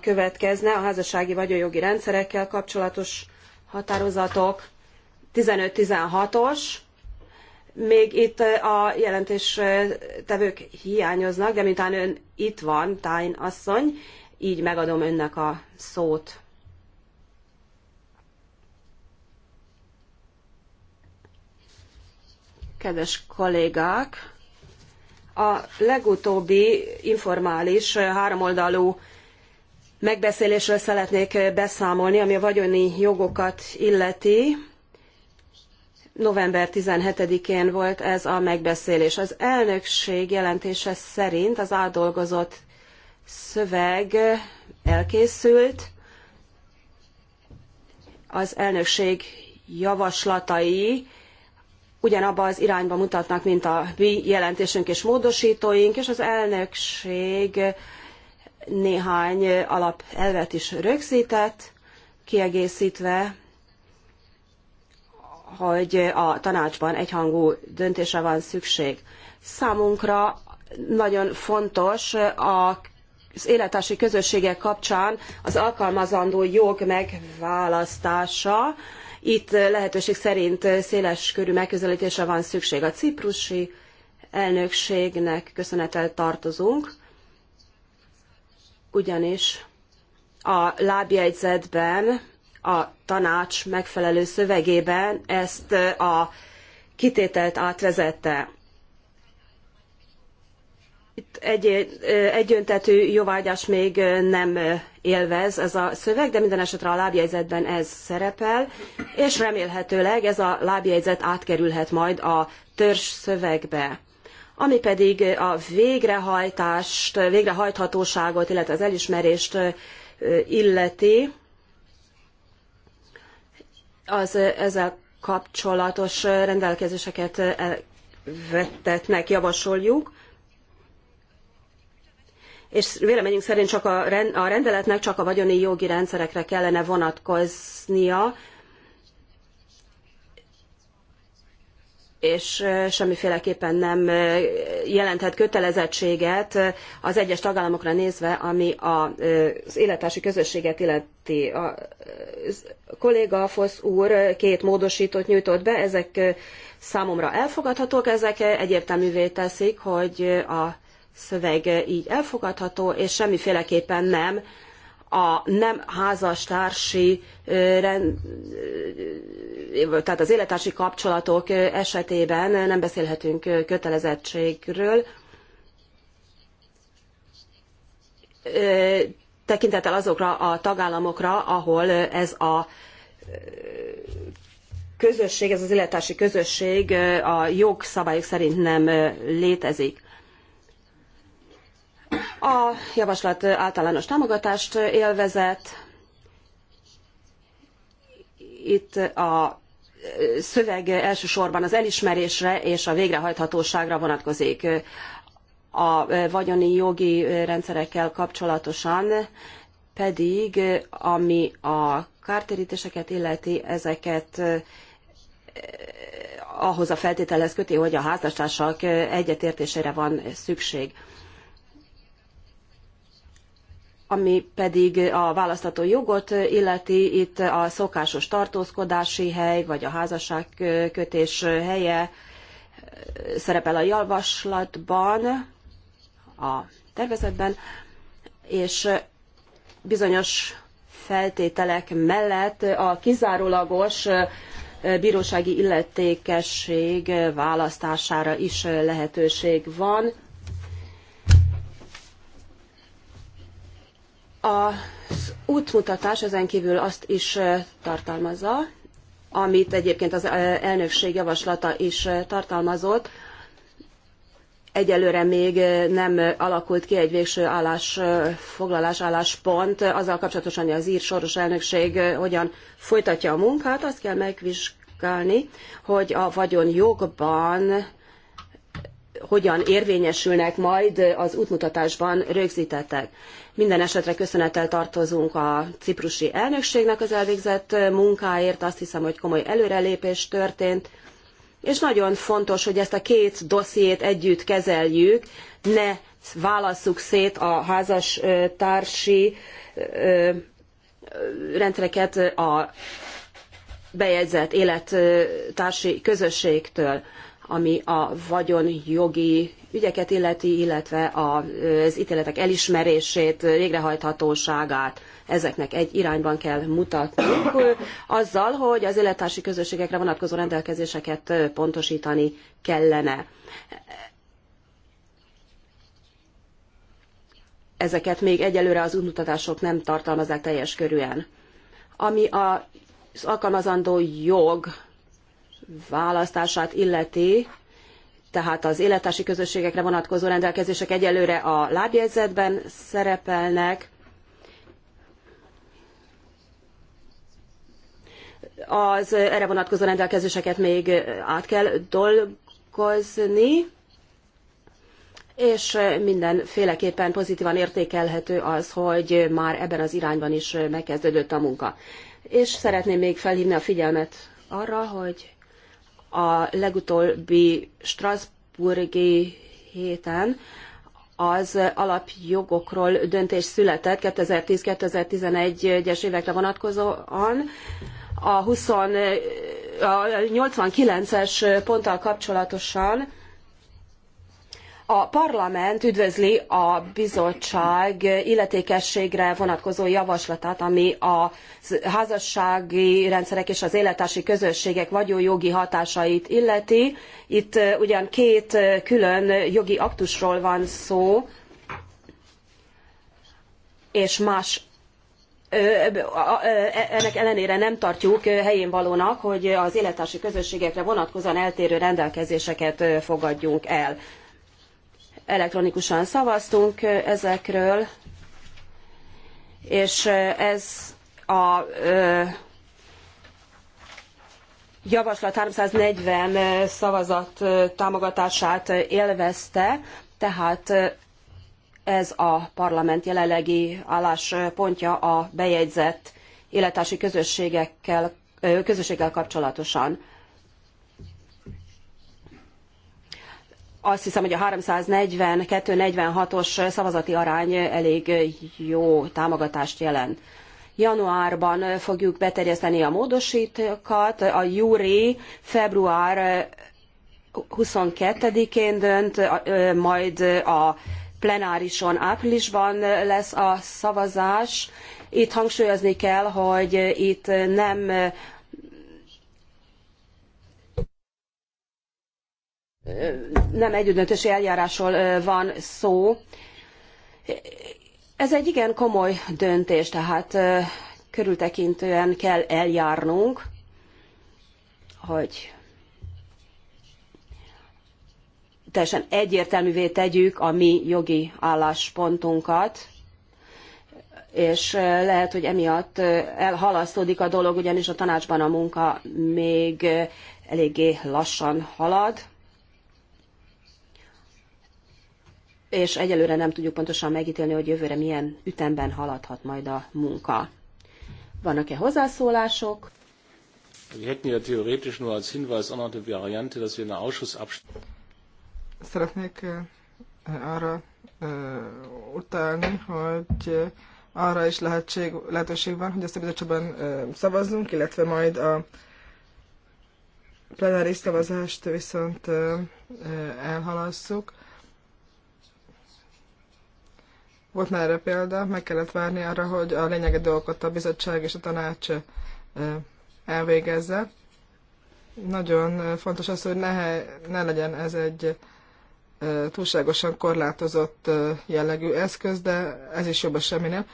következne a házassági vagyonjogi rendszerekkel kapcsolatos határozatok 15-16-os. Még itt eh, a jelentéstevők eh, hiányoznak, de miután ön itt van, Tájn asszony, így megadom önnek a szót. Kedves kollégák, a legutóbbi informális eh, háromoldalú megbeszélésről szeretnék beszámolni, ami a vagyoni jogokat illeti. November 17-én volt ez a megbeszélés. Az elnökség jelentése szerint az átdolgozott szöveg elkészült, az elnökség javaslatai ugyanabba az irányba mutatnak, mint a mi jelentésünk és módosítóink, és az elnökség néhány alapelvet is rögzített, kiegészítve, hogy a tanácsban egyhangú döntése van szükség. Számunkra nagyon fontos a az élettársi közösségek kapcsán az alkalmazandó jog megválasztása. Itt lehetőség szerint széles körű megközelítésre van szükség. A ciprusi elnökségnek köszönetel tartozunk, ugyanis a lábjegyzetben, a tanács megfelelő szövegében ezt a kitételt átvezette. Itt egy, egyöntetű jóvágyás még nem élvez ez a szöveg, de minden esetre a lábjegyzetben ez szerepel, és remélhetőleg ez a lábjegyzet átkerülhet majd a törzs szövegbe ami pedig a végrehajtást, végrehajthatóságot, illetve az elismerést illeti, az ezzel kapcsolatos rendelkezéseket vettetnek, javasoljuk. És véleményünk szerint csak a rendeletnek csak a vagyoni jogi rendszerekre kellene vonatkoznia, és semmiféleképpen nem jelenthet kötelezettséget az egyes tagállamokra nézve, ami az élettársi közösséget illeti. A kolléga Fosz úr két módosítót nyújtott be, ezek számomra elfogadhatók, ezek egyértelművé teszik, hogy a szöveg így elfogadható, és semmiféleképpen nem a nem házastársi, tehát az élettársi kapcsolatok esetében nem beszélhetünk kötelezettségről. Tekintettel azokra a tagállamokra, ahol ez a közösség, ez az élettársi közösség a jogszabályok szerint nem létezik. A javaslat általános támogatást élvezett. Itt a szöveg elsősorban az elismerésre és a végrehajthatóságra vonatkozik. A vagyoni jogi rendszerekkel kapcsolatosan pedig, ami a kártérítéseket illeti, ezeket eh, ahhoz a feltételhez köti, hogy a házastársak egyetértésére van szükség. Ami pedig a választató jogot illeti, itt a szokásos tartózkodási hely, vagy a házasságkötés helye eh, szerepel a javaslatban, a tervezetben, és eh, bizonyos feltételek mellett a kizárólagos eh, bírósági illetékesség választására is lehetőség van Az útmutatás ezen kívül azt is tartalmazza, amit egyébként az elnökség javaslata is tartalmazott. Egyelőre még nem alakult ki egy végső állásfoglalás, álláspont azzal kapcsolatosan, hogy az ír soros elnökség hogyan folytatja a munkát. Azt kell megvizsgálni, hogy a vagyonjogban hogyan érvényesülnek majd az útmutatásban rögzítettek. Minden esetre köszönettel tartozunk a ciprusi elnökségnek az elvégzett munkáért. Azt hiszem, hogy komoly előrelépés történt. És nagyon fontos, hogy ezt a két dossziét együtt kezeljük, ne válasszuk szét a házas társi rendszereket a bejegyzett élettársi közösségtől ami a vagyonjogi ügyeket illeti, illetve az ítéletek elismerését, végrehajthatóságát. Ezeknek egy irányban kell mutatnunk, azzal, hogy az élettársi közösségekre vonatkozó rendelkezéseket pontosítani kellene. Ezeket még egyelőre az útmutatások nem tartalmazzák teljes körűen. Ami az alkalmazandó jog választását illeti, tehát az élettársi közösségekre vonatkozó rendelkezések egyelőre a lábjegyzetben szerepelnek. Az erre vonatkozó rendelkezéseket még át kell dolgozni, és mindenféleképpen pozitívan értékelhető az, hogy már ebben az irányban is megkezdődött a munka. És szeretném még felhívni a figyelmet arra, hogy a legutóbbi Strasburgi héten az alapjogokról döntés született 2010-2011-es évekre vonatkozóan. A, 20, a 89-es ponttal kapcsolatosan a parlament üdvözli a bizottság illetékességre vonatkozó javaslatát, ami a házassági rendszerek és az élettársi közösségek vagyonjogi hatásait illeti. Itt ugyan két külön jogi aktusról van szó, és más e, ennek ellenére nem tartjuk helyén valónak, hogy az élettársi közösségekre vonatkozóan eltérő rendelkezéseket fogadjunk el elektronikusan szavaztunk ezekről, és ez a javaslat 340 szavazat támogatását élvezte, tehát ez a parlament jelenlegi álláspontja a bejegyzett élettársi közösségekkel, közösséggel kapcsolatosan. azt hiszem, hogy a 342-46-os szavazati arány elég jó támogatást jelent. Januárban fogjuk beterjeszteni a módosítókat, a júri február 22-én dönt, majd a plenárison áprilisban lesz a szavazás. Itt hangsúlyozni kell, hogy itt nem nem együttdöntési eljárásról van szó. Ez egy igen komoly döntés, tehát körültekintően kell eljárnunk, hogy teljesen egyértelművé tegyük a mi jogi álláspontunkat, és lehet, hogy emiatt elhalasztódik a dolog, ugyanis a tanácsban a munka még eléggé lassan halad. és egyelőre nem tudjuk pontosan megítélni, hogy jövőre milyen ütemben haladhat majd a munka. Vannak-e hozzászólások? Hinweis der Variante, dass wir eine Ausschussabstimmung. Szeretnék arra utálni, hogy arra is lehetség, lehetőség van, hogy ezt a bizottságban szavazzunk, illetve majd a plenáris szavazást viszont elhalasszuk. Volt már erre példa, meg kellett várni arra, hogy a lényeget dolgokat a bizottság és a tanács elvégezze. Nagyon fontos az, hogy ne, ne legyen ez egy túlságosan korlátozott jellegű eszköz, de ez is jobb a semminél.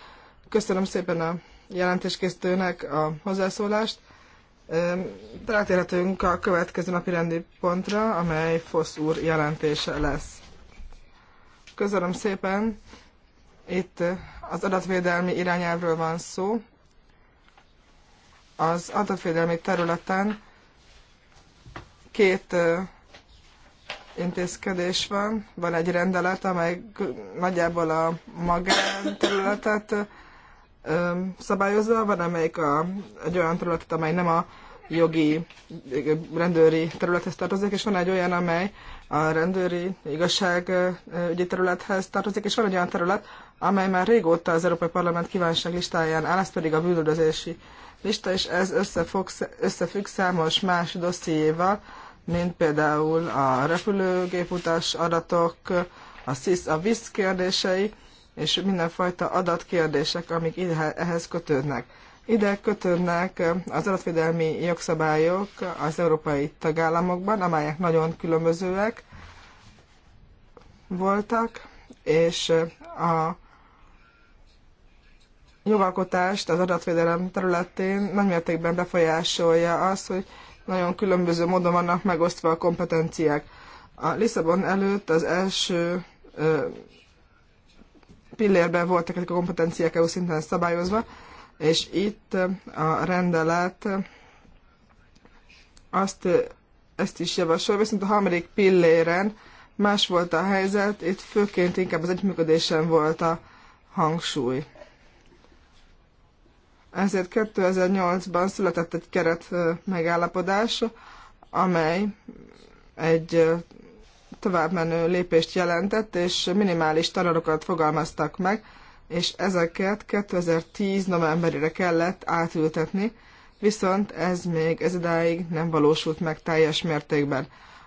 Köszönöm szépen a jelentéskészítőnek a hozzászólást. Rátérhetünk a következő napi rendi pontra, amely Fosz úr jelentése lesz. Köszönöm szépen, itt eh, az adatvédelmi irányelvről van szó. Az adatvédelmi területen két eh, intézkedés van. Van egy rendelet, amely nagyjából a magánterületet eh, szabályozza, van amelyik a, egy olyan területet, amely nem a jogi, rendőri területhez tartozik, és van egy olyan, amely a rendőri igazságügyi területhez tartozik, és van egy olyan terület, amely már régóta az Európai Parlament kívánság listáján áll, ez pedig a bűnöldözési lista, és ez összefog, összefügg számos más dossziéval, mint például a repülőgéputas adatok, a SIS, a VISZ kérdései, és mindenfajta adatkérdések, amik ehhez kötődnek. Ide kötődnek az adatvédelmi jogszabályok az európai tagállamokban, amelyek nagyon különbözőek voltak, és a jogalkotást az adatvédelem területén nagymértékben befolyásolja az, hogy nagyon különböző módon vannak megosztva a kompetenciák. A Lisszabon előtt az első ö, pillérben voltak ezek a kompetenciák EU szinten szabályozva, és itt a rendelet azt, ezt is javasol, viszont a harmadik pilléren más volt a helyzet, itt főként inkább az együttműködésen volt a hangsúly. Ezért 2008-ban született egy keret megállapodás, amely egy továbbmenő lépést jelentett, és minimális tanulókat fogalmaztak meg, és ezeket 2010 novemberére kellett átültetni, viszont ez még ez idáig nem valósult meg teljes mértékben.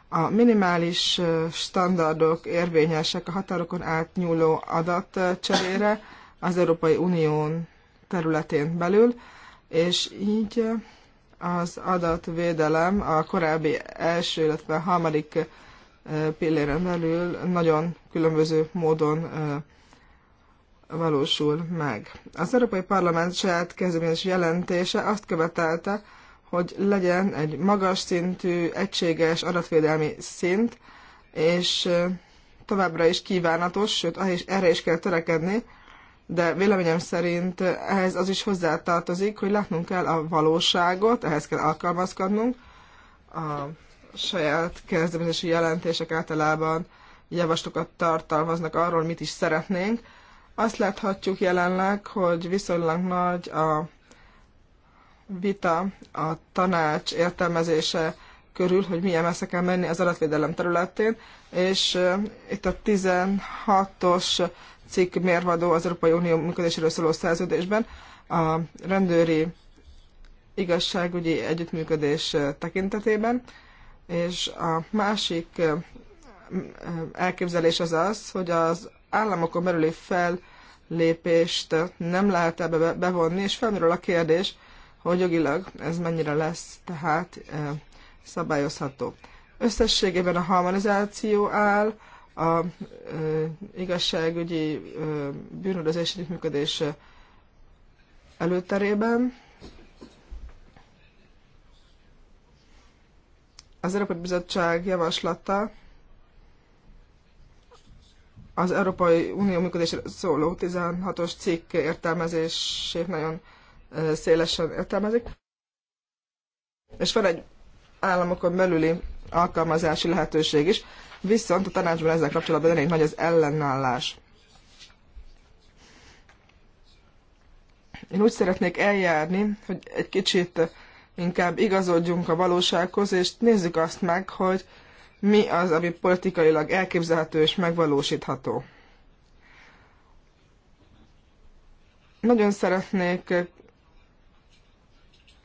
A minimális standardok érvényesek a határokon átnyúló adatcserére az Európai Unión területén belül, és így az adatvédelem a korábbi első, illetve harmadik pilléren belül nagyon különböző módon valósul meg. Az Európai Parlament saját kezdeményezési jelentése azt követelte, hogy legyen egy magas szintű, egységes adatvédelmi szint, és továbbra is kívánatos, sőt erre is kell törekedni, de véleményem szerint ehhez az is hozzátartozik, hogy látnunk kell a valóságot, ehhez kell alkalmazkodnunk. A saját kezdeményezési jelentések általában javaslatokat tartalmaznak arról, mit is szeretnénk. Azt láthatjuk jelenleg, hogy viszonylag nagy a vita a tanács értelmezése körül, hogy milyen messze kell menni az adatvédelem területén, és eh, itt a 16-os cikk mérvadó az Európai Unió működéséről szóló szerződésben, a rendőri igazságügyi együttműködés tekintetében, és a másik elképzelés az az, hogy az államokon belüli fellépést nem lehet ebbe bevonni, és felmerül a kérdés, hogy jogilag ez mennyire lesz tehát szabályozható. Összességében a harmonizáció áll a ö, igazságügyi ö, bűnözés működés előterében. Az Európai Bizottság javaslata az Európai Unió működésre szóló 16-os cikk értelmezését nagyon szélesen értelmezik. És van egy államokon belüli alkalmazási lehetőség is viszont a tanácsban ezzel kapcsolatban elég nagy az ellenállás. Én úgy szeretnék eljárni, hogy egy kicsit inkább igazodjunk a valósághoz, és nézzük azt meg, hogy mi az, ami politikailag elképzelhető és megvalósítható. Nagyon szeretnék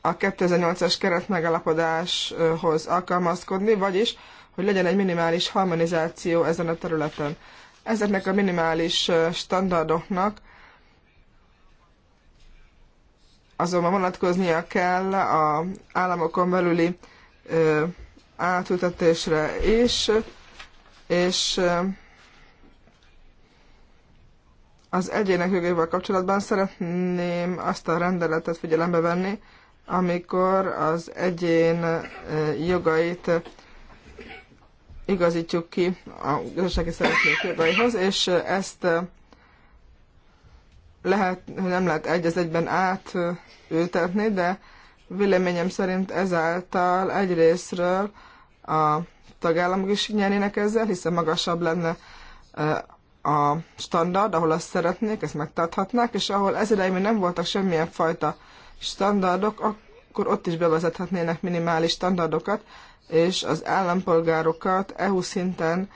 a 2008-as keretmegalapodáshoz alkalmazkodni, vagyis hogy legyen egy minimális harmonizáció ezen a területen. Ezeknek a minimális standardoknak azonban vonatkoznia kell a államokon belüli átültetésre is, és az egyének jogaival kapcsolatban szeretném azt a rendeletet figyelembe venni, amikor az egyén jogait igazítjuk ki a gazdasági szereplők jogaihoz, és ezt eh, lehet, nem lehet egy az egyben átültetni, de véleményem szerint ezáltal egyrésztről a tagállamok is nyernének ezzel, hiszen magasabb lenne eh, a standard, ahol azt szeretnék, ezt megtarthatnák, és ahol ez idején még nem voltak semmilyen fajta standardok, akkor ott is bevezethetnének minimális standardokat, és az állampolgárokat EU szinten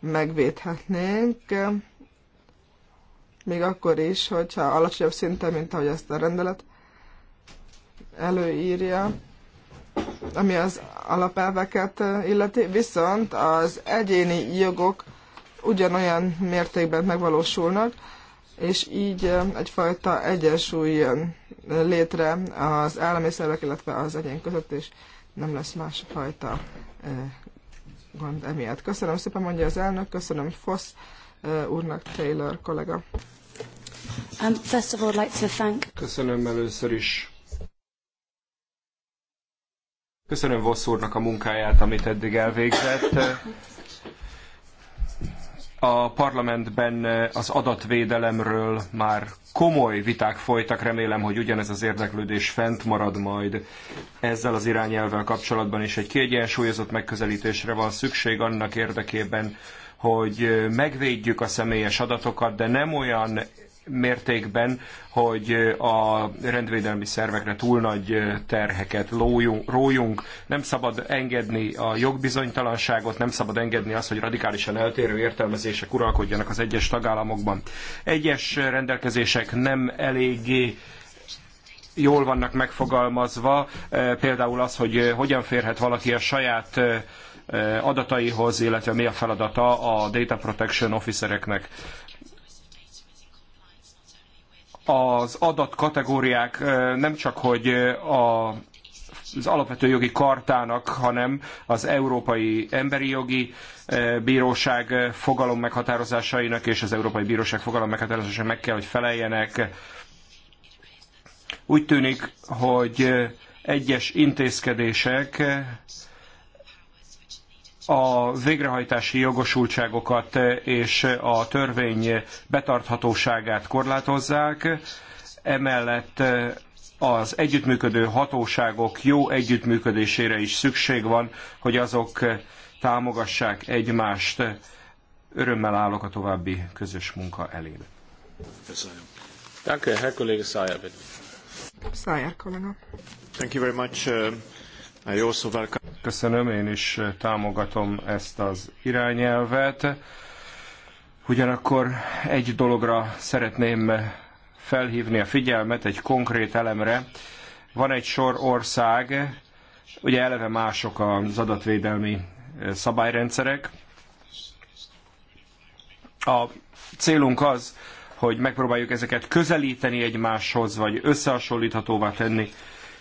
megvédhetnénk, még akkor is, hogyha alacsonyabb szinten, mint ahogy ezt a rendelet előírja, ami az alapelveket illeti, viszont az egyéni jogok ugyanolyan mértékben megvalósulnak, és így egyfajta egyensúly jön létre az állami szervek, illetve az egyén között, is nem lesz másfajta gond emiatt. Köszönöm szépen, mondja az elnök, köszönöm Fosz úrnak, Taylor kollega. Um, first of all, like to thank... Köszönöm először is. Köszönöm Vossz úrnak a munkáját, amit eddig elvégzett. A parlamentben eh, az adatvédelemről már komoly viták folytak, remélem, hogy ugyanez az érdeklődés fent marad majd ezzel az irányelvvel kapcsolatban, is egy kiegyensúlyozott megközelítésre van szükség annak érdekében, hogy eh, megvédjük a személyes adatokat, de nem olyan mértékben, hogy a rendvédelmi szervekre túl nagy terheket lójunk, rójunk. Nem szabad engedni a jogbizonytalanságot, nem szabad engedni azt, hogy radikálisan eltérő értelmezések uralkodjanak az egyes tagállamokban. Egyes rendelkezések nem eléggé jól vannak megfogalmazva, például az, hogy hogyan férhet valaki a saját adataihoz, illetve mi a feladata a data protection officereknek az adatkategóriák nem csak, hogy a az alapvető jogi kartának, hanem az Európai Emberi Jogi Bíróság fogalom meghatározásainak és az Európai Bíróság fogalom meghatározása meg kell, hogy feleljenek. Úgy tűnik, hogy egyes intézkedések a végrehajtási jogosultságokat és a törvény betarthatóságát korlátozzák, emellett az együttműködő hatóságok jó együttműködésére is szükség van, hogy azok támogassák egymást. Örömmel állok a további közös munka elébe. Köszönöm. Danke, Herr Kollege Szájer, bitte. Thank you very much. Uh, Szóval Köszönöm, én is támogatom ezt az irányelvet. Ugyanakkor egy dologra szeretném felhívni a figyelmet, egy konkrét elemre. Van egy sor ország, ugye eleve mások az adatvédelmi szabályrendszerek. A célunk az, hogy megpróbáljuk ezeket közelíteni egymáshoz, vagy összehasonlíthatóvá tenni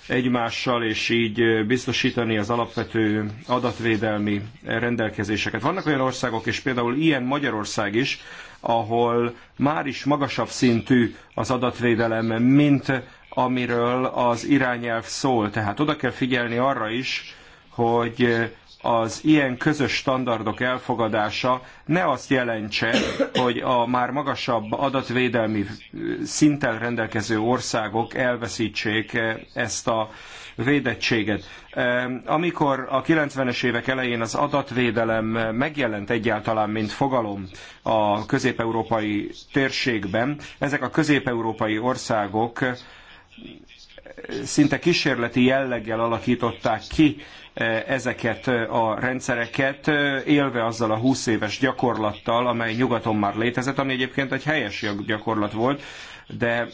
egymással, és így biztosítani az alapvető adatvédelmi rendelkezéseket. Vannak olyan országok, és például ilyen Magyarország is, ahol már is magasabb szintű az adatvédelem, mint amiről az irányelv szól. Tehát oda kell figyelni arra is, hogy az ilyen közös standardok elfogadása ne azt jelentse, hogy a már magasabb adatvédelmi szinten rendelkező országok elveszítsék eh, ezt a védettséget. Eh, amikor a 90-es évek elején az adatvédelem megjelent egyáltalán, mint fogalom a közép-európai térségben, ezek a közép-európai országok eh, szinte kísérleti jelleggel alakították ki Eh, ezeket eh, a rendszereket, eh, élve azzal a 20 éves gyakorlattal, amely nyugaton már létezett, ami egyébként egy helyes gyakorlat volt, de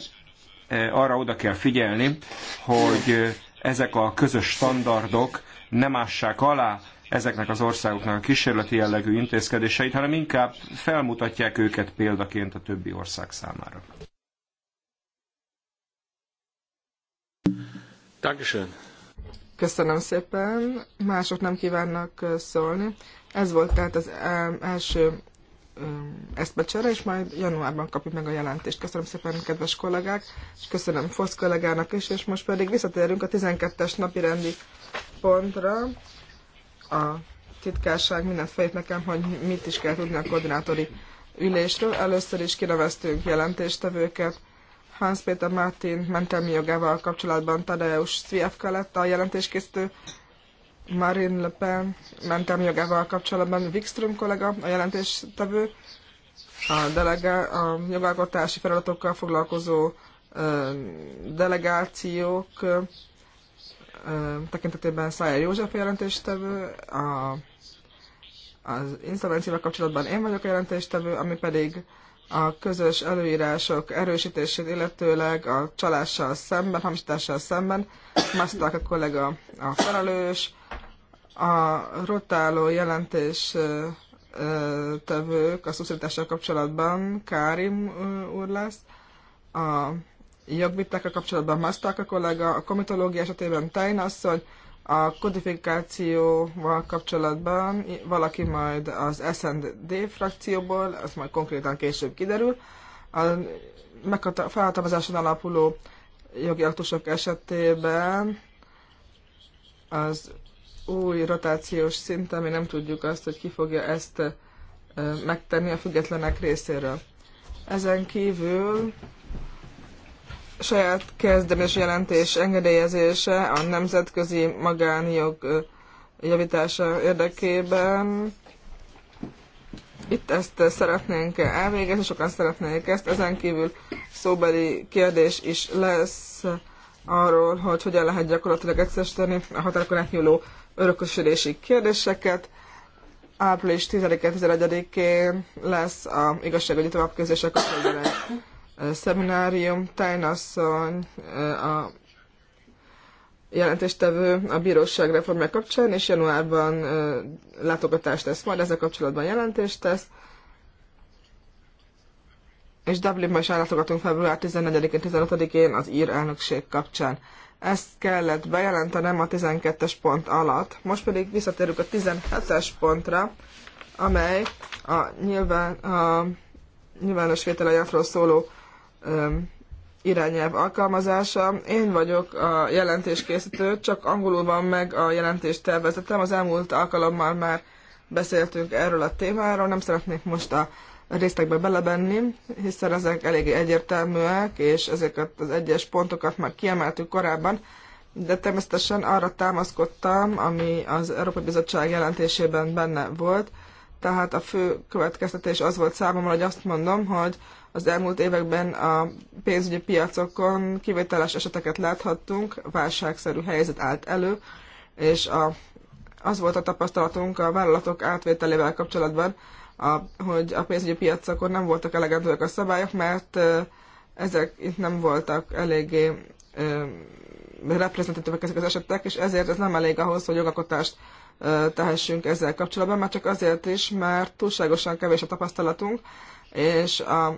arra oda kell figyelni, hogy ezek a közös standardok nem ássák alá ezeknek az országoknak a kísérleti jellegű intézkedéseit, hanem inkább felmutatják őket példaként a többi ország számára. Dankeschön. Köszönöm szépen. Mások nem kívánnak szólni. Ez volt tehát az első eszbecsere, és majd januárban kapjuk meg a jelentést. Köszönöm szépen, kedves kollégák, és köszönöm Fosz kollégának is, és most pedig visszatérünk a 12-es napi rendi pontra. A titkárság mindent fejt nekem, hogy mit is kell tudni a koordinátori ülésről. Először is kineveztünk jelentéstevőket Hans Peter Martin mentelmi jogával kapcsolatban Tadeusz Sviafka lett a jelentéskészítő, Marine Le Pen mentelmi jogával kapcsolatban Wikström kollega a jelentéstevő, a, delega a jogalkotási feladatokkal foglalkozó ö, delegációk ö, tekintetében Szájer József jelentéstevő, a, az inszolvenciával kapcsolatban én vagyok a jelentéstevő, ami pedig a közös előírások erősítését, illetőleg a csalással szemben, hamisítással szemben. Masztak a kollega a felelős, a rotáló jelentés tevők a szuszítással kapcsolatban Kárim úr lesz, a jogvitákkal kapcsolatban Masztak a kollega, a komitológia esetében Tejnasszony, a kodifikációval kapcsolatban valaki majd az SND frakcióból, az majd konkrétan később kiderül, a felhatalmazáson alapuló jogi aktusok esetében az új rotációs szint, ami nem tudjuk azt, hogy ki fogja ezt megtenni a függetlenek részéről. Ezen kívül saját kezdemes jelentés engedélyezése a nemzetközi magánjog javítása érdekében. Itt ezt szeretnénk elvégezni, sokan szeretnék ezt. Ezen kívül szóbeli kérdés is lesz arról, hogy hogyan lehet gyakorlatilag egyszerűsíteni a határokon átnyúló örökösödési kérdéseket. Április 10-11-én lesz a igazságügyi továbbközléssel kapcsolatban szeminárium. Tájnasszony a jelentéstevő a bíróság reformja kapcsán, és januárban látogatást tesz majd, ezzel kapcsolatban jelentést tesz. És Dublinban is ellátogatunk február 14-én, 15-én az ír elnökség kapcsán. Ezt kellett bejelentenem a 12-es pont alatt. Most pedig visszatérünk a 17-es pontra, amely a, nyilván, a nyilvános vétel szóló irányelv alkalmazása. Én vagyok a jelentéskészítő, csak angolul van meg a jelentés tervezetem. Az elmúlt alkalommal már beszéltünk erről a témáról, nem szeretnék most a részletekbe belebenni, hiszen ezek eléggé egyértelműek, és ezeket az egyes pontokat már kiemeltük korábban, de természetesen arra támaszkodtam, ami az Európai Bizottság jelentésében benne volt, tehát a fő következtetés az volt számomra, hogy azt mondom, hogy az elmúlt években a pénzügyi piacokon kivételes eseteket láthattunk, válságszerű helyzet állt elő, és a, az volt a tapasztalatunk a vállalatok átvételével kapcsolatban, a, hogy a pénzügyi piacokon nem voltak elegendőek a szabályok, mert ezek itt nem voltak eléggé reprezentatívak ezek az esetek, és ezért ez nem elég ahhoz, hogy jogakotást tehessünk ezzel kapcsolatban, már csak azért is, mert túlságosan kevés a tapasztalatunk, és a, a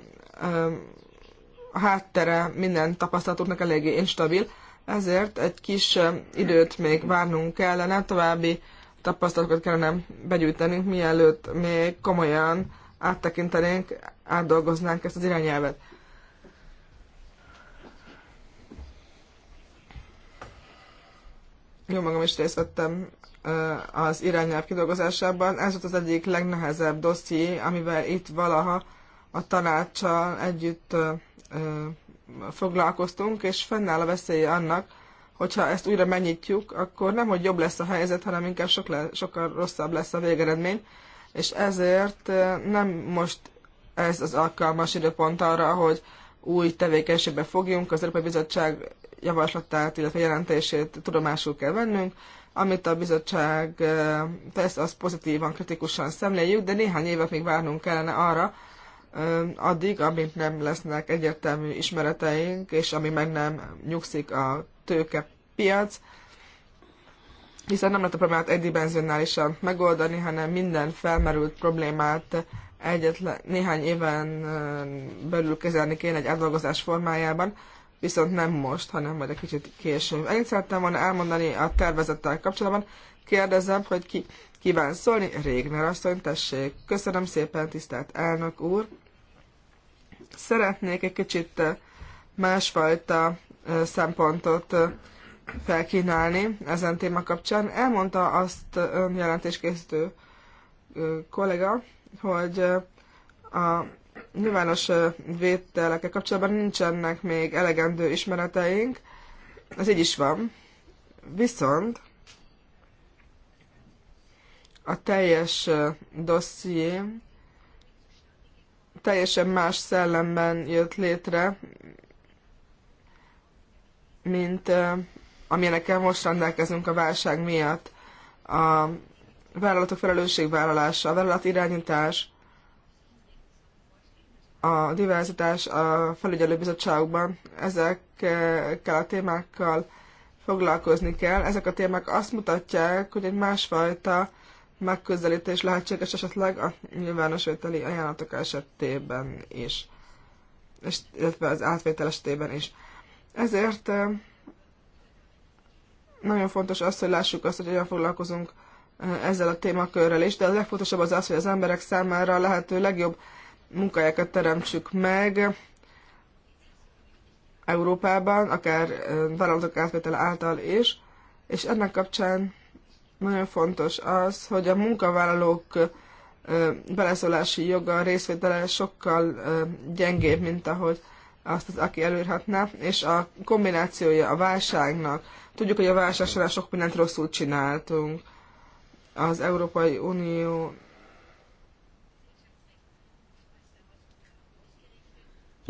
háttere minden tapasztalatunknak eléggé instabil, ezért egy kis időt még várnunk kellene, további tapasztalatokat kellene begyűjtenünk, mielőtt még komolyan áttekintenénk, átdolgoznánk ezt az irányelvet. Jó magam is részt vettem az irányelv kidolgozásában. Ez volt az egyik legnehezebb dosszié, amivel itt valaha a tanácssal együtt foglalkoztunk, és fennáll a veszélye annak, hogyha ezt újra megnyitjuk, akkor nem, hogy jobb lesz a helyzet, hanem inkább sok le, sokkal rosszabb lesz a végeredmény, és ezért nem most ez az alkalmas időpont arra, hogy új tevékenységbe fogjunk, az Európai Bizottság javaslatát, illetve jelentését tudomásul kell vennünk, amit a bizottság tesz, azt pozitívan, kritikusan szemléljük, de néhány évet még várnunk kellene arra, addig, amint nem lesznek egyértelmű ismereteink, és ami meg nem nyugszik a tőkepiac, hiszen nem lehet a problémát egydimenzionálisan megoldani, hanem minden felmerült problémát egyetlen, néhány éven belül kezelni kéne egy átdolgozás formájában, viszont nem most, hanem majd egy kicsit később. Ennyit szerettem volna elmondani a tervezettel kapcsolatban. Kérdezem, hogy ki kíván szólni. Régner asszony, tessék. Köszönöm szépen, tisztelt elnök úr. Szeretnék egy kicsit másfajta szempontot felkínálni ezen téma kapcsán. Elmondta azt jelentéskészítő kollega, hogy a nyilvános vételekkel kapcsolatban nincsenek még elegendő ismereteink, ez így is van. Viszont a teljes dosszié teljesen más szellemben jött létre, mint amilyenekkel most rendelkezünk a válság miatt. A vállalatok felelősségvállalása, a vállalat irányítás, a diverzitás a felügyelőbizottságban ezekkel a témákkal foglalkozni kell. Ezek a témák azt mutatják, hogy egy másfajta megközelítés lehetséges esetleg a nyilvános vételi ajánlatok esetében is, és, illetve az átvétel esetében is. Ezért eh, nagyon fontos az, hogy lássuk azt, hogy hogyan foglalkozunk eh, ezzel a témakörrel is, de a legfontosabb az az, hogy az emberek számára lehető legjobb munkájákat teremtsük meg Európában, akár vállalatok átvétele által is, és ennek kapcsán nagyon fontos az, hogy a munkavállalók beleszólási joga, részvétele sokkal gyengébb, mint ahogy azt az aki előírhatná, és a kombinációja a válságnak. Tudjuk, hogy a válság során sok mindent rosszul csináltunk. Az Európai Unió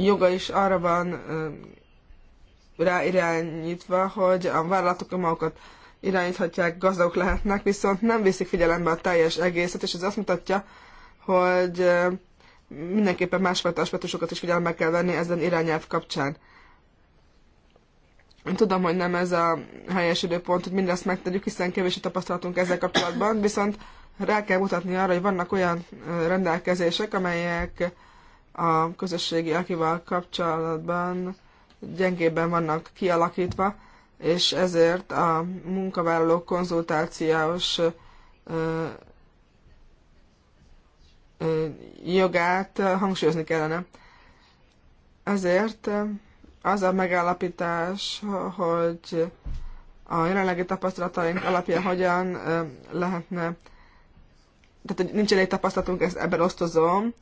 joga is arra van ráirányítva, hogy a vállalatok magukat irányíthatják, gazdagok lehetnek, viszont nem viszik figyelembe a teljes egészet, és ez azt mutatja, hogy mindenképpen másfajta aspektusokat is figyelembe kell venni ezen irányelv kapcsán. Én tudom, hogy nem ez a helyes időpont, hogy mindezt megtegyük, hiszen kevés tapasztalatunk ezzel kapcsolatban, viszont rá kell mutatni arra, hogy vannak olyan rendelkezések, amelyek a közösségi akival kapcsolatban gyengében vannak kialakítva, és ezért a munkavállalók konzultációs jogát hangsúlyozni kellene. Ezért az a megállapítás, hogy a jelenlegi tapasztalataink alapján hogyan lehetne, tehát hogy nincs elég tapasztalatunk, ezt ebben osztozom,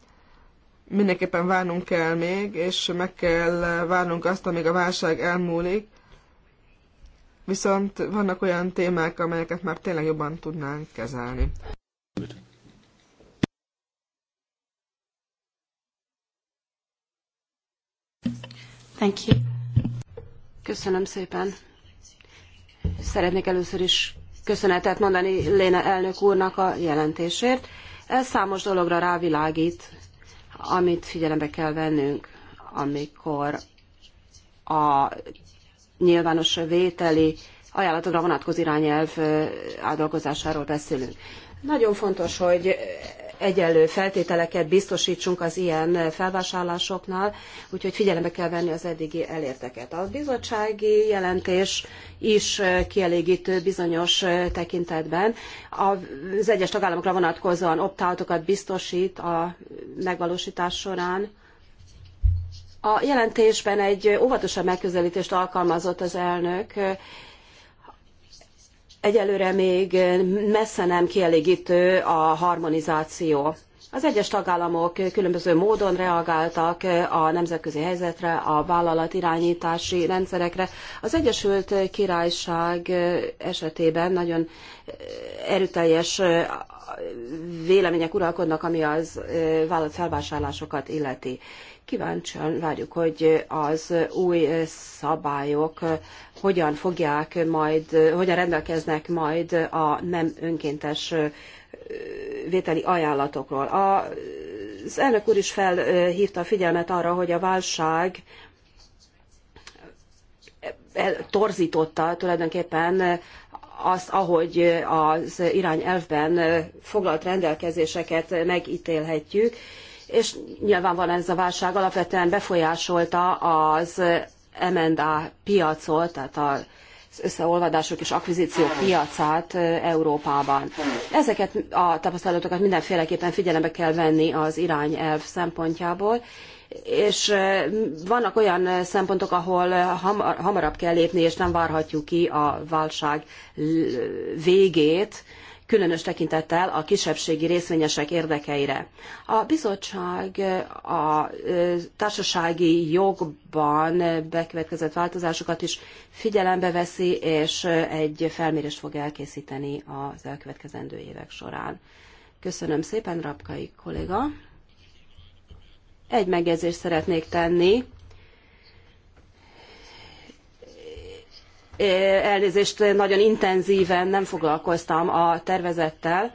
mindenképpen várnunk kell még, és meg kell várnunk azt, amíg a válság elmúlik. Viszont vannak olyan témák, amelyeket már tényleg jobban tudnánk kezelni. Thank you. Köszönöm szépen. Szeretnék először is köszönetet mondani Léna elnök úrnak a jelentésért. Ez számos dologra rávilágít, amit figyelembe kell vennünk, amikor a nyilvános vételi ajánlatokra vonatkozó irányelv átdolgozásáról beszélünk. Nagyon fontos, hogy egyenlő feltételeket biztosítsunk az ilyen felvásárlásoknál, úgyhogy figyelembe kell venni az eddigi elérteket. A bizottsági jelentés is kielégítő bizonyos tekintetben. Az egyes tagállamokra vonatkozóan opt biztosít a megvalósítás során. A jelentésben egy óvatosabb megközelítést alkalmazott az elnök, egyelőre még messze nem kielégítő a harmonizáció. Az egyes tagállamok különböző módon reagáltak a nemzetközi helyzetre, a vállalatirányítási rendszerekre. Az Egyesült Királyság esetében nagyon erőteljes vélemények uralkodnak, ami az vállalat felvásárlásokat illeti. Kíváncsian várjuk, hogy az új szabályok hogyan fogják majd, hogyan rendelkeznek majd a nem önkéntes vételi ajánlatokról. Az elnök úr is felhívta a figyelmet arra, hogy a válság torzította tulajdonképpen azt, ahogy az irányelvben foglalt rendelkezéseket megítélhetjük, és nyilvánvalóan ez a válság alapvetően befolyásolta az M&A piacot, tehát az összeolvadások és akvizíciók piacát Európában. Ezeket a tapasztalatokat mindenféleképpen figyelembe kell venni az irányelv szempontjából, és vannak olyan szempontok, ahol hamarabb kell lépni, és nem várhatjuk ki a válság végét, különös tekintettel a kisebbségi részvényesek érdekeire. A bizottság a társasági jogban bekövetkezett változásokat is figyelembe veszi, és egy felmérést fog elkészíteni az elkövetkezendő évek során. Köszönöm szépen, Rapkai kolléga. Egy megjegyzést szeretnék tenni Eh, elnézést nagyon intenzíven nem foglalkoztam a tervezettel.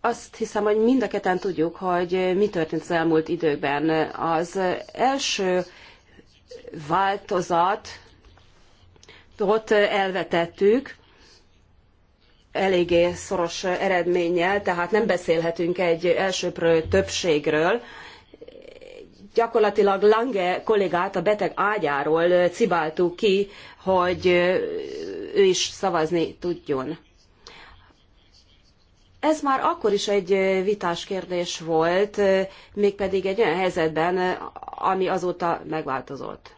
Azt hiszem, hogy mind a ketten tudjuk, hogy mi történt az elmúlt időkben. Az első változat ott elvetettük, eléggé szoros eredménnyel, tehát nem beszélhetünk egy elsőprő többségről, gyakorlatilag Lange kollégát a beteg ágyáról cibáltuk ki, hogy ő is szavazni tudjon. Ez már akkor is egy vitás kérdés volt, mégpedig egy olyan helyzetben, ami azóta megváltozott.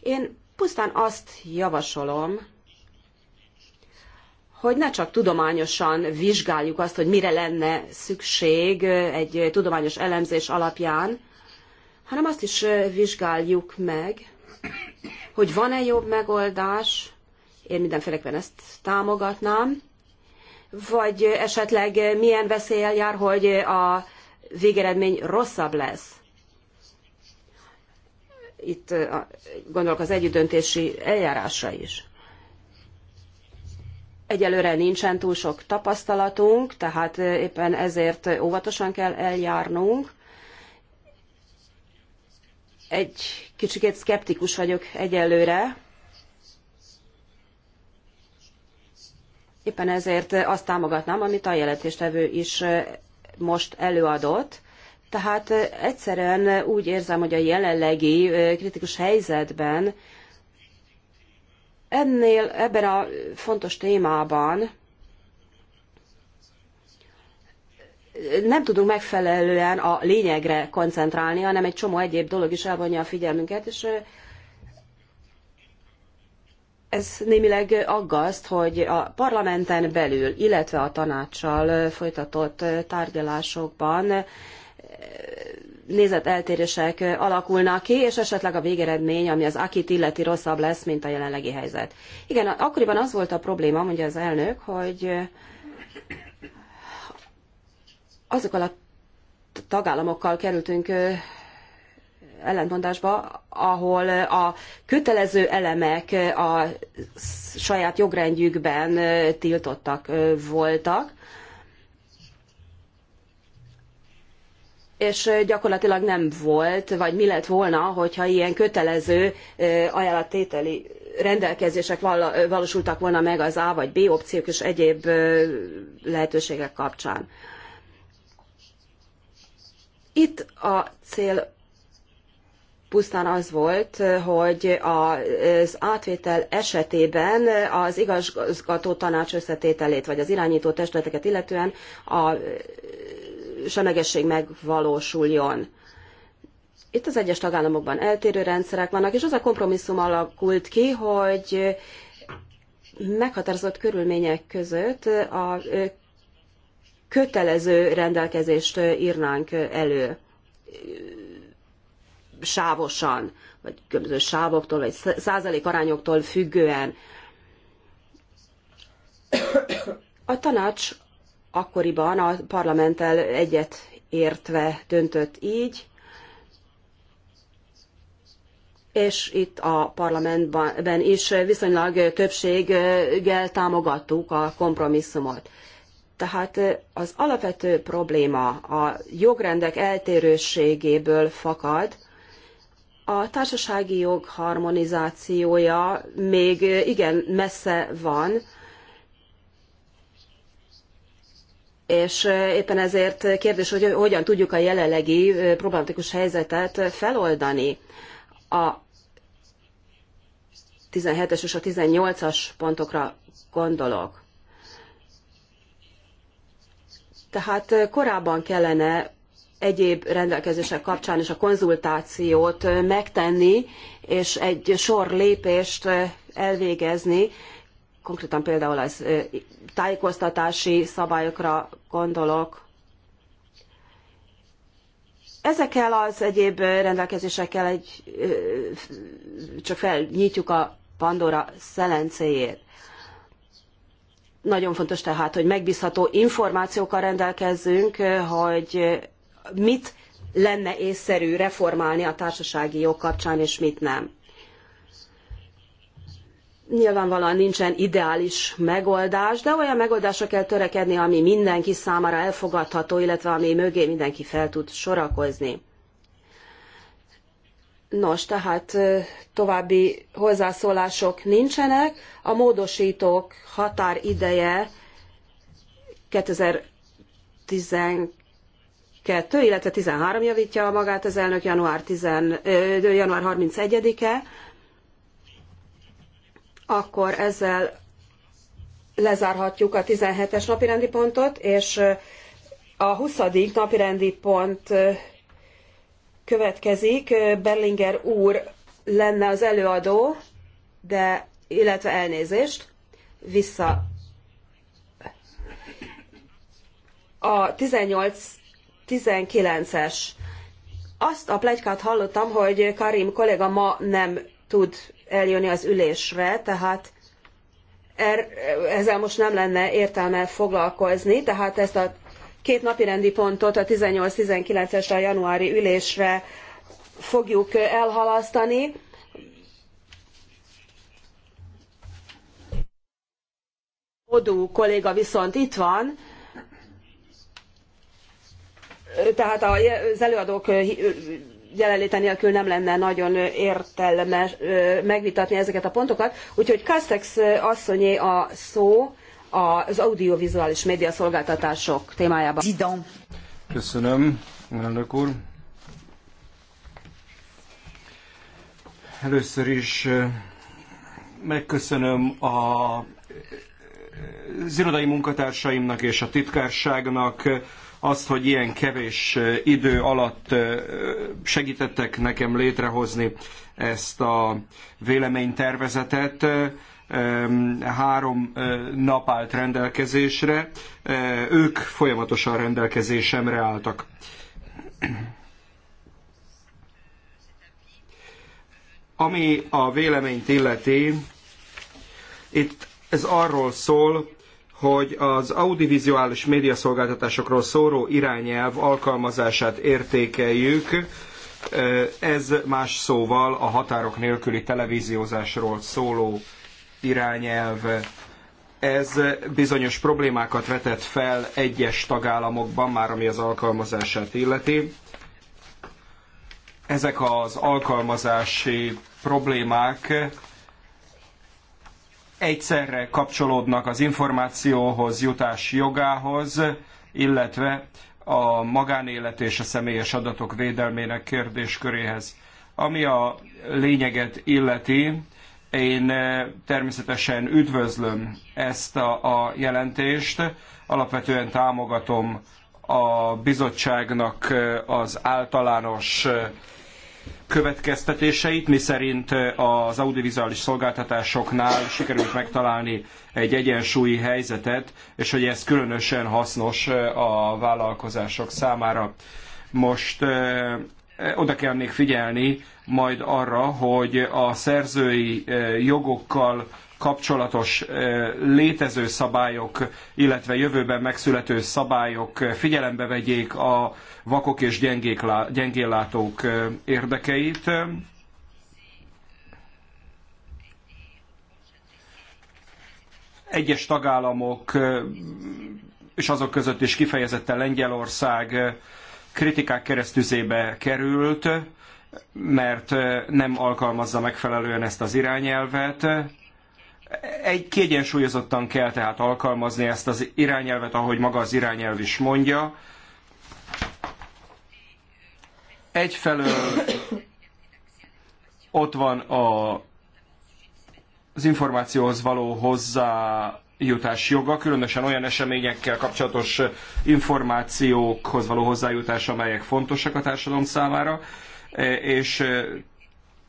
Én pusztán azt javasolom, hogy ne csak tudományosan vizsgáljuk azt, hogy mire lenne szükség egy tudományos elemzés alapján, hanem azt is vizsgáljuk meg, hogy van-e jobb megoldás, én mindenféleképpen ezt támogatnám, vagy esetleg milyen veszélyel jár, hogy a végeredmény rosszabb lesz. Itt gondolok az együttdöntési eljárásra is. Egyelőre nincsen túl sok tapasztalatunk, tehát éppen ezért óvatosan kell eljárnunk egy kicsikét szkeptikus vagyok egyelőre. Éppen ezért azt támogatnám, amit a jelentéstevő is most előadott. Tehát egyszerűen úgy érzem, hogy a jelenlegi kritikus helyzetben ennél, ebben a fontos témában nem tudunk megfelelően a lényegre koncentrálni, hanem egy csomó egyéb dolog is elvonja a figyelmünket, és ez némileg aggaszt, hogy a parlamenten belül, illetve a tanácssal folytatott tárgyalásokban nézeteltérések alakulnak ki, és esetleg a végeredmény, ami az akit illeti rosszabb lesz, mint a jelenlegi helyzet. Igen, akkoriban az volt a probléma, mondja az elnök, hogy azokkal a tagállamokkal kerültünk ellentmondásba, ahol a kötelező elemek a saját jogrendjükben tiltottak voltak, és gyakorlatilag nem volt, vagy mi lett volna, hogyha ilyen kötelező ajánlattételi rendelkezések valósultak volna meg az A vagy B opciók és egyéb lehetőségek kapcsán. Itt a cél pusztán az volt, hogy az átvétel esetében az igazgató tanács összetételét, vagy az irányító testületeket illetően a semlegesség megvalósuljon. Itt az egyes tagállamokban eltérő rendszerek vannak, és az a kompromisszum alakult ki, hogy meghatározott körülmények között a kötelező rendelkezést írnánk elő sávosan, vagy különböző sávoktól, vagy százalékarányoktól függően. A tanács akkoriban a parlamenttel egyet értve döntött így, és itt a parlamentben is viszonylag többséggel támogattuk a kompromisszumot. Tehát az alapvető probléma a jogrendek eltérőségéből fakad, a társasági jog harmonizációja még igen messze van, és éppen ezért kérdés, hogy hogyan tudjuk a jelenlegi problematikus helyzetet feloldani. A 17-es és a 18-as pontokra gondolok. Tehát korábban kellene egyéb rendelkezések kapcsán is a konzultációt megtenni, és egy sor lépést elvégezni, konkrétan például az tájékoztatási szabályokra gondolok. Ezekkel az egyéb rendelkezésekkel egy, csak felnyitjuk a Pandora szelencéjét. Nagyon fontos tehát, hogy megbízható információkkal rendelkezzünk, eh, hogy mit lenne észszerű reformálni a társasági jog kapcsán, és mit nem. Nyilvánvalóan nincsen ideális megoldás, de olyan megoldásra kell törekedni, ami mindenki számára elfogadható, illetve ami mögé mindenki fel tud sorakozni. Nos, tehát további hozzászólások nincsenek. A módosítók határideje 2012, illetve 13 javítja magát az elnök január, 10, január 31-e. Akkor ezzel lezárhatjuk a 17-es napirendi pontot, és a 20. napirendi pont következik. Berlinger úr lenne az előadó, de illetve elnézést, vissza. A 18-19-es. Azt a plegykát hallottam, hogy Karim kolléga ma nem tud eljönni az ülésre, tehát er, ezzel most nem lenne értelme foglalkozni, tehát ezt a Két napirendi pontot a 18-19-es a januári ülésre fogjuk elhalasztani. Odú kolléga viszont itt van, tehát az előadók jelenléte nélkül nem lenne nagyon értelmes megvitatni ezeket a pontokat. Úgyhogy Kastex asszonyé a szó, az audiovizuális média szolgáltatások témájában. Zidon. Köszönöm, elnök úr. Először is megköszönöm a az irodai munkatársaimnak és a titkárságnak azt, hogy ilyen kevés idő alatt segítettek nekem létrehozni ezt a véleménytervezetet három nap állt rendelkezésre, ők folyamatosan rendelkezésemre álltak. Ami a véleményt illeti, itt ez arról szól, hogy az audiovizuális médiaszolgáltatásokról szóró irányelv alkalmazását értékeljük. Ez más szóval a határok nélküli televíziózásról szóló irányelv. Ez bizonyos problémákat vetett fel egyes tagállamokban, már ami az alkalmazását illeti. Ezek az alkalmazási problémák egyszerre kapcsolódnak az információhoz, jutás jogához, illetve a magánélet és a személyes adatok védelmének kérdésköréhez. Ami a lényeget illeti, én természetesen üdvözlöm ezt a, a jelentést, alapvetően támogatom a bizottságnak az általános következtetéseit, miszerint az audiovizuális szolgáltatásoknál sikerült megtalálni egy egyensúlyi helyzetet, és hogy ez különösen hasznos a vállalkozások számára. Most Eh, oda kell még figyelni majd arra, hogy a szerzői eh, jogokkal kapcsolatos eh, létező szabályok, illetve jövőben megszülető szabályok figyelembe vegyék a vakok és gyengék, gyengéllátók érdekeit. Egyes tagállamok, és azok között is kifejezetten Lengyelország kritikák keresztüzébe került, mert nem alkalmazza megfelelően ezt az irányelvet. Egy kiegyensúlyozottan kell tehát alkalmazni ezt az irányelvet, ahogy maga az irányelv is mondja. Egyfelől ott van a, az információhoz való hozzá hozzájutás joga, különösen olyan eseményekkel kapcsolatos információkhoz való hozzájutás, amelyek fontosak a társadalom számára, és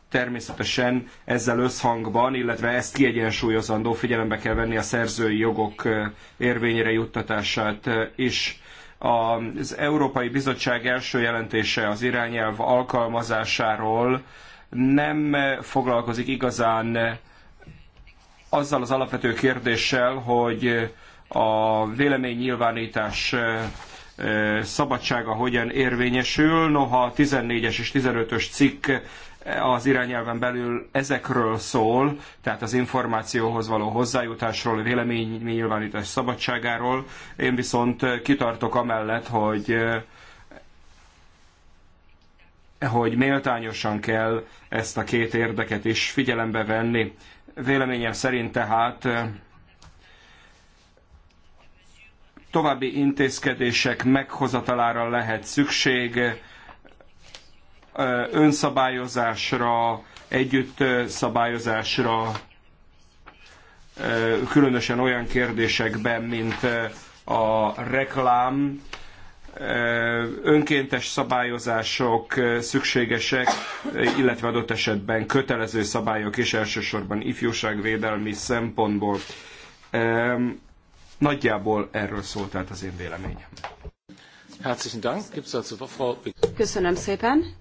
természetesen ezzel összhangban, illetve ezt kiegyensúlyozandó figyelembe kell venni a szerzői jogok érvényre juttatását is. Az Európai Bizottság első jelentése az irányelv alkalmazásáról nem foglalkozik igazán azzal az alapvető kérdéssel, hogy a véleménynyilvánítás szabadsága hogyan érvényesül. Noha a 14-es és 15-ös cikk az irányelven belül ezekről szól, tehát az információhoz való hozzájutásról, véleménynyilvánítás szabadságáról. Én viszont kitartok amellett, hogy hogy méltányosan kell ezt a két érdeket is figyelembe venni. Véleményem szerint tehát további intézkedések meghozatalára lehet szükség, önszabályozásra, együtt szabályozásra, különösen olyan kérdésekben, mint a reklám, önkéntes szabályozások szükségesek, illetve adott esetben kötelező szabályok is elsősorban ifjúságvédelmi szempontból. Nagyjából erről szólt tehát az én véleményem. Herzlichen Dank. Köszönöm szépen.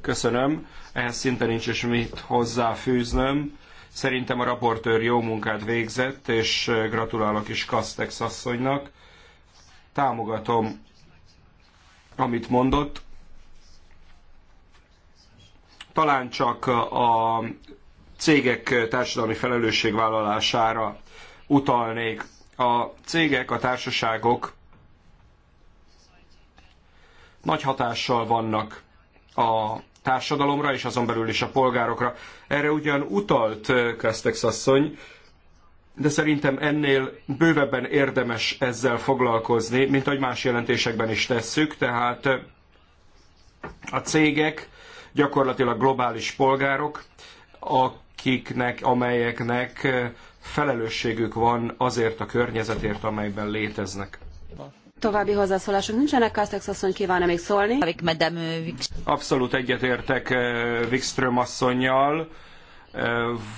Köszönöm. Ehhez szinte nincs is mit hozzáfűznöm Szerintem a raportőr jó munkát végzett, és gratulálok is Kastex asszonynak. Támogatom, amit mondott. Talán csak a cégek társadalmi felelősségvállalására utalnék. A cégek, a társaságok nagy hatással vannak a társadalomra, és azon belül is a polgárokra. Erre ugyan utalt Kastex eh, asszony, de szerintem ennél bővebben érdemes ezzel foglalkozni, mint ahogy más jelentésekben is tesszük, tehát eh, a cégek gyakorlatilag globális polgárok, akiknek, amelyeknek eh, felelősségük van azért a környezetért, amelyben léteznek további hozzászólások nincsenek. Kastex asszony kívánna még szólni. Abszolút egyetértek Wikström asszonynal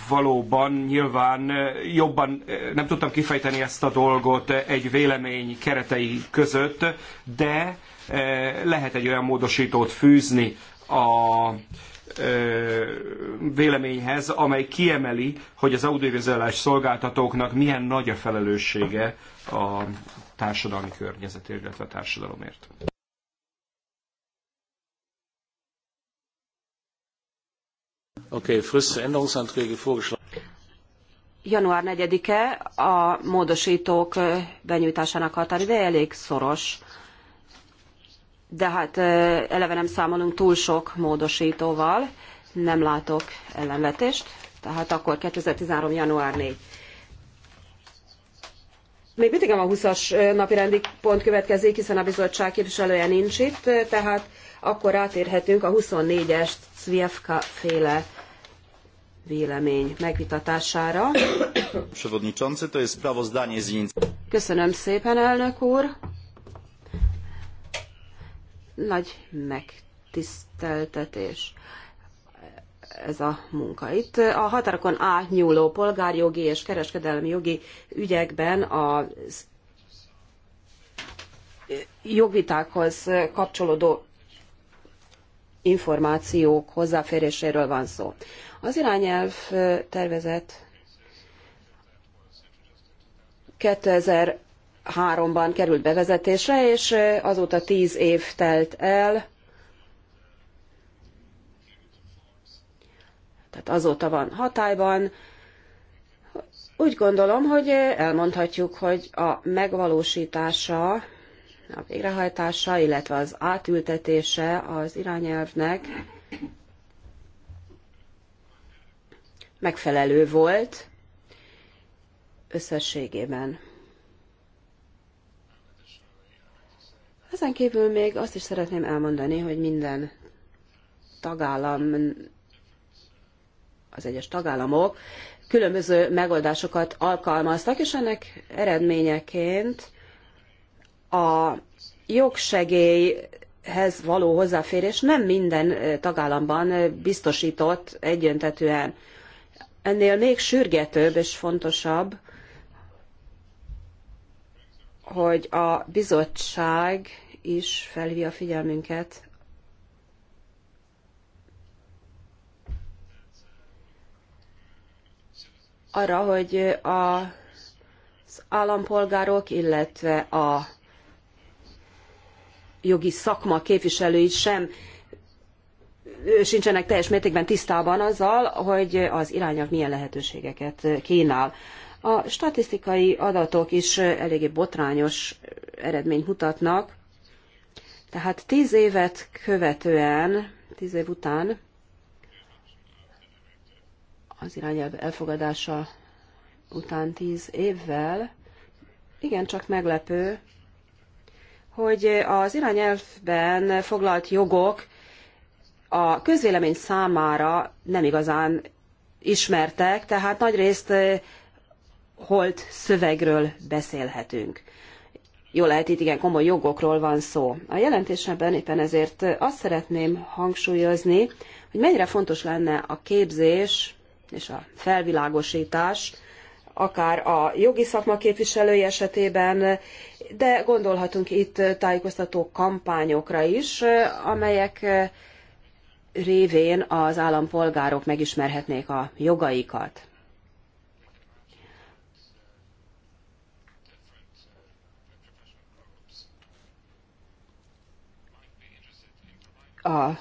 valóban nyilván jobban nem tudtam kifejteni ezt a dolgot egy vélemény keretei között, de lehet egy olyan módosítót fűzni a véleményhez, amely kiemeli, hogy az audiovizuális szolgáltatóknak milyen nagy a felelőssége a társadalmi környezetért, illetve a társadalomért. Okay, Január 4-e a módosítók benyújtásának határideje elég szoros, de hát eleve nem számolunk túl sok módosítóval, nem látok ellenvetést, tehát akkor 2013. január 4. Még mindig nem a 20-as napirendi pont következik, hiszen a bizottság képviselője nincs itt, tehát akkor átérhetünk a 24-es Cvijevka féle vélemény megvitatására. Przewodniczący, to jest sprawozdanie z Köszönöm szépen, elnök úr. Nagy megtiszteltetés ez a munka. Itt a határokon átnyúló polgárjogi és kereskedelmi jogi ügyekben a jogvitákhoz kapcsolódó információk hozzáféréséről van szó. Az irányelv tervezet 2003-ban került bevezetésre, és azóta tíz év telt el, tehát azóta van hatályban. Úgy gondolom, hogy elmondhatjuk, hogy a megvalósítása, a végrehajtása, illetve az átültetése az irányelvnek megfelelő volt összességében. Ezen kívül még azt is szeretném elmondani, hogy minden tagállam az egyes tagállamok különböző megoldásokat alkalmaztak, és ennek eredményeként a jogsegélyhez való hozzáférés nem minden tagállamban biztosított egyöntetően. Ennél még sürgetőbb és fontosabb, hogy a bizottság is felhívja a figyelmünket arra, hogy a, az állampolgárok, illetve a jogi szakma képviselői sem sincsenek teljes mértékben tisztában azzal, hogy az irányok milyen lehetőségeket kínál. A statisztikai adatok is eléggé botrányos eredményt mutatnak. Tehát tíz évet követően, tíz év után az irányelv elfogadása után tíz évvel, igen, csak meglepő, hogy az irányelvben foglalt jogok a közvélemény számára nem igazán ismertek, tehát nagyrészt eh, holt szövegről beszélhetünk. Jó lehet, itt igen komoly jogokról van szó. A jelentésemben éppen ezért azt szeretném hangsúlyozni, hogy mennyire fontos lenne a képzés és a felvilágosítás, akár a jogi szakma képviselői esetében, de gondolhatunk itt tájékoztató kampányokra is, amelyek révén az állampolgárok megismerhetnék a jogaikat. A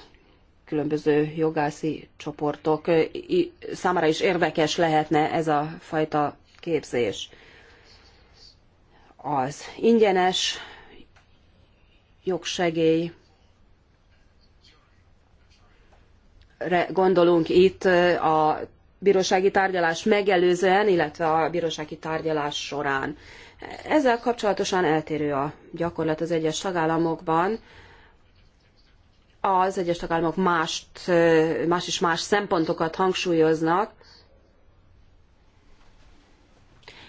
különböző jogászi csoportok számára is érdekes lehetne ez a fajta képzés. Az ingyenes jogsegély gondolunk itt a bírósági tárgyalás megelőzően, illetve a bírósági tárgyalás során. Ezzel kapcsolatosan eltérő a gyakorlat az egyes tagállamokban az egyes tagállamok mást, más és más szempontokat hangsúlyoznak.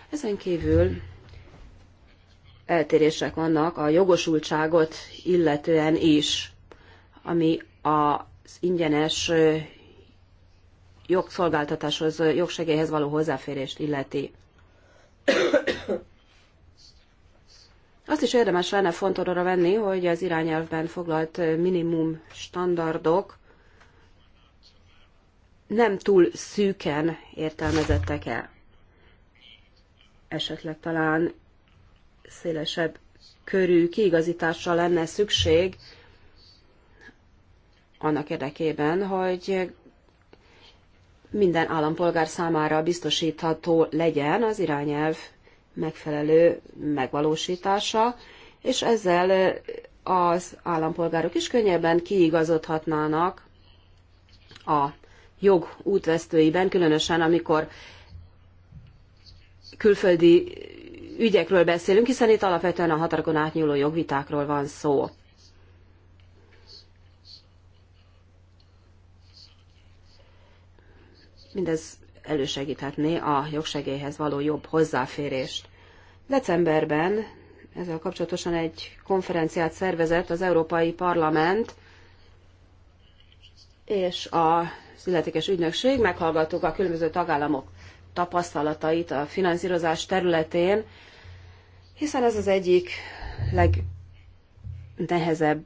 Ezen kívül eltérések vannak a jogosultságot illetően is, ami az ingyenes jogszolgáltatáshoz, jogsegélyhez való hozzáférést illeti. Azt is érdemes lenne fontolóra venni, hogy az irányelvben foglalt minimum standardok nem túl szűken értelmezettek el. Esetleg talán szélesebb körű kiigazításra lenne szükség annak érdekében, hogy minden állampolgár számára biztosítható legyen az irányelv megfelelő megvalósítása, és ezzel az állampolgárok is könnyebben kiigazodhatnának a jog útvesztőiben, különösen amikor külföldi ügyekről beszélünk, hiszen itt alapvetően a határokon átnyúló jogvitákról van szó. Mindez elősegíthetné a jogsegélyhez való jobb hozzáférést. Decemberben ezzel kapcsolatosan egy konferenciát szervezett az Európai Parlament és a illetékes ügynökség. Meghallgattuk a különböző tagállamok tapasztalatait a finanszírozás területén, hiszen ez az egyik legnehezebb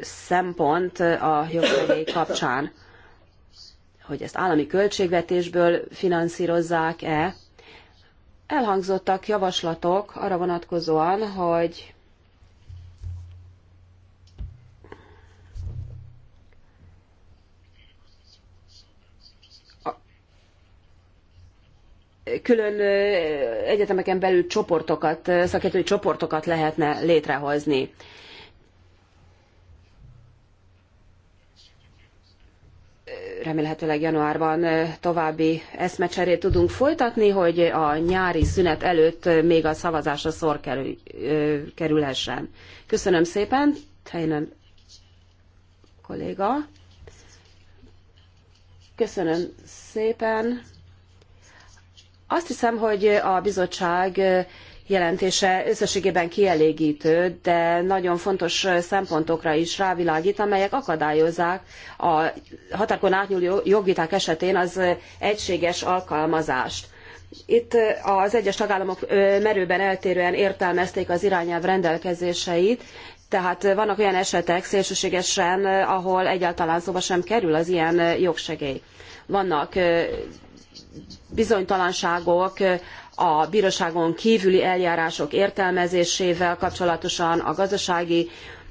szempont a jogsegély kapcsán hogy ezt állami költségvetésből finanszírozzák-e. Elhangzottak javaslatok arra vonatkozóan, hogy külön egyetemeken belül csoportokat, szakértői csoportokat lehetne létrehozni. remélhetőleg januárban további eszmecserét tudunk folytatni, hogy a nyári szünet előtt még a szavazásra szor kerül, kerülhessen. Köszönöm szépen, Heinen kolléga. Köszönöm szépen. Azt hiszem, hogy a bizottság jelentése összességében kielégítő, de nagyon fontos szempontokra is rávilágít, amelyek akadályozzák a határokon átnyúló jogviták esetén az egységes alkalmazást. Itt az egyes tagállamok merőben eltérően értelmezték az irányelv rendelkezéseit, tehát vannak olyan esetek szélsőségesen, ahol egyáltalán szóba sem kerül az ilyen jogsegély. Vannak bizonytalanságok a bíróságon kívüli eljárások értelmezésével kapcsolatosan, a gazdasági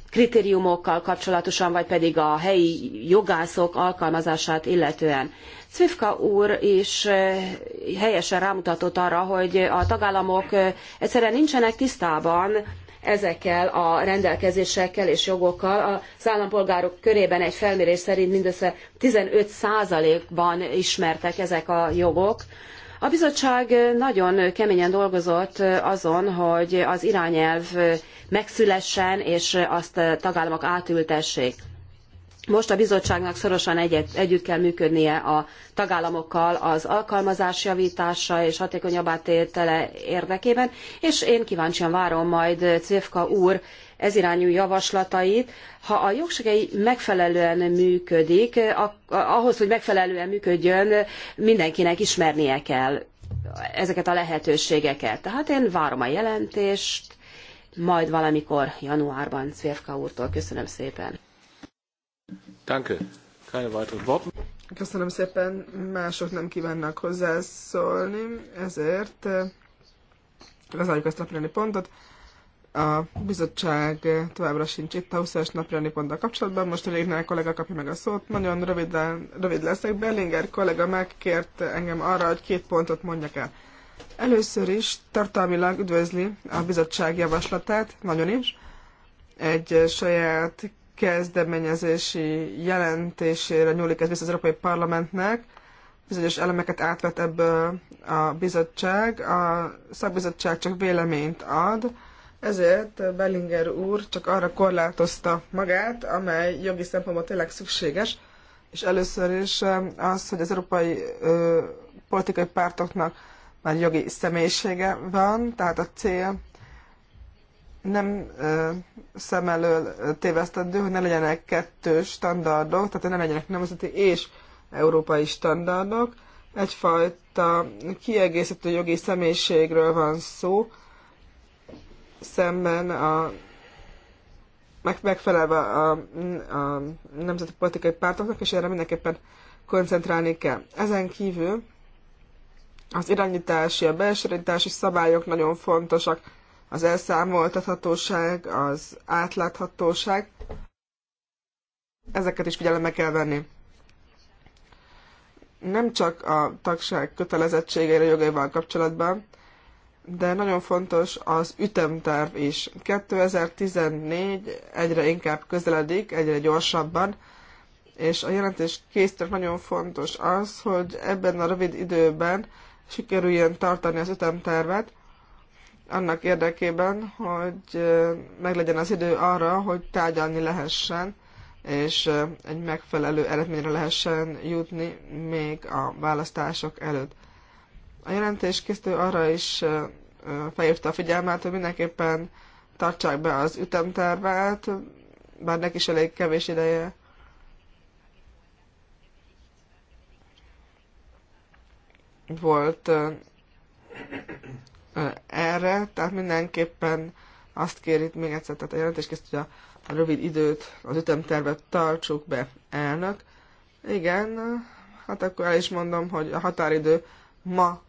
kritériumokkal kapcsolatosan, vagy pedig a helyi jogászok alkalmazását illetően. Cvifka úr is eh, helyesen rámutatott arra, hogy a tagállamok eh, egyszerűen nincsenek tisztában ezekkel a rendelkezésekkel és jogokkal. Az állampolgárok körében egy felmérés szerint mindössze 15%-ban ismertek ezek a jogok. A bizottság nagyon keményen dolgozott azon, hogy az irányelv megszülessen, és azt a tagállamok átültessék. Most a bizottságnak szorosan egyet, együtt kell működnie a tagállamokkal az alkalmazás javítása és hatékonyabbá tétele érdekében, és én kíváncsian várom majd Cvifka úr ez irányú javaslatait. Ha a jogsegély megfelelően működik, ahhoz, hogy megfelelően működjön, mindenkinek ismernie kell ezeket a lehetőségeket. Tehát én várom a jelentést, majd valamikor januárban Cvérka úrtól. Köszönöm szépen. Danke. Keine weiteren Worten. Köszönöm szépen, mások nem kívánnak hozzászólni, ezért eh, lezárjuk ezt a pontot. A bizottság továbbra sincs itt a 20-as napirendi ponttal kapcsolatban. Most a Légner kollega kapja meg a szót. Nagyon röviden, rövid leszek. Berlinger kollega megkért engem arra, hogy két pontot mondjak el. Először is tartalmilag üdvözli a bizottság javaslatát, nagyon is. Egy saját kezdeményezési jelentésére nyúlik ez vissza az Európai Parlamentnek. Bizonyos elemeket átvet ebből a bizottság. A szakbizottság csak véleményt ad, ezért Bellinger úr csak arra korlátozta magát, amely jogi szempontból tényleg szükséges, és először is az, hogy az európai ö, politikai pártoknak már jogi személyisége van, tehát a cél nem ö, szem elől tévesztendő, hogy ne legyenek kettős standardok, tehát ne legyenek nemzeti és európai standardok. Egyfajta kiegészítő jogi személyiségről van szó, szemben a meg, megfelelve a, a nemzeti politikai pártoknak, és erre mindenképpen koncentrálni kell. Ezen kívül az irányítási, a belsőirányítási szabályok nagyon fontosak, az elszámoltathatóság, az átláthatóság, ezeket is figyelembe kell venni. Nem csak a tagság kötelezettségeire jogaival kapcsolatban, de nagyon fontos az ütemterv is. 2014 egyre inkább közeledik, egyre gyorsabban, és a jelentés készítők nagyon fontos az, hogy ebben a rövid időben sikerüljen tartani az ütemtervet, annak érdekében, hogy meglegyen az idő arra, hogy tárgyalni lehessen, és egy megfelelő eredményre lehessen jutni még a választások előtt. A jelentés készítő arra is felhívta a figyelmet, hogy mindenképpen tartsák be az ütemtervet, bár neki is elég kevés ideje volt erre, tehát mindenképpen azt kérít még egyszer, tehát a jelentéskészítő, hogy a, a rövid időt, az ütemtervet tartsuk be, elnök. Igen, hát akkor el is mondom, hogy a határidő ma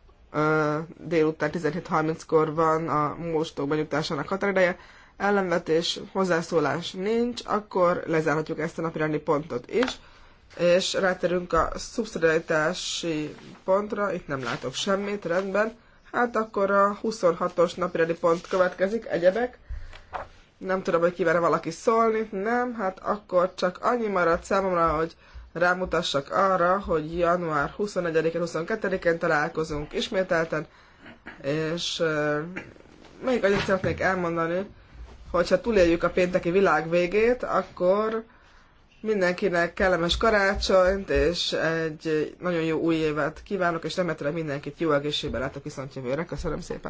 délután 17.30-kor van a mostók benyújtásának határideje, ellenvetés, hozzászólás nincs, akkor lezárhatjuk ezt a napirendi pontot is, és ráterünk a szubszidiaritási pontra, itt nem látok semmit, rendben. Hát akkor a 26-os napirendi pont következik, egyebek. Nem tudom, hogy kivel valaki szólni, nem, hát akkor csak annyi maradt számomra, hogy rámutassak arra, hogy január 21-én, 22-én találkozunk ismételten, és még annyit szeretnék elmondani, hogyha túléljük a pénteki világ végét, akkor mindenkinek kellemes karácsonyt, és egy nagyon jó új évet kívánok, és remetőleg mindenkit jó egészségben látok viszont jövőre. Köszönöm szépen!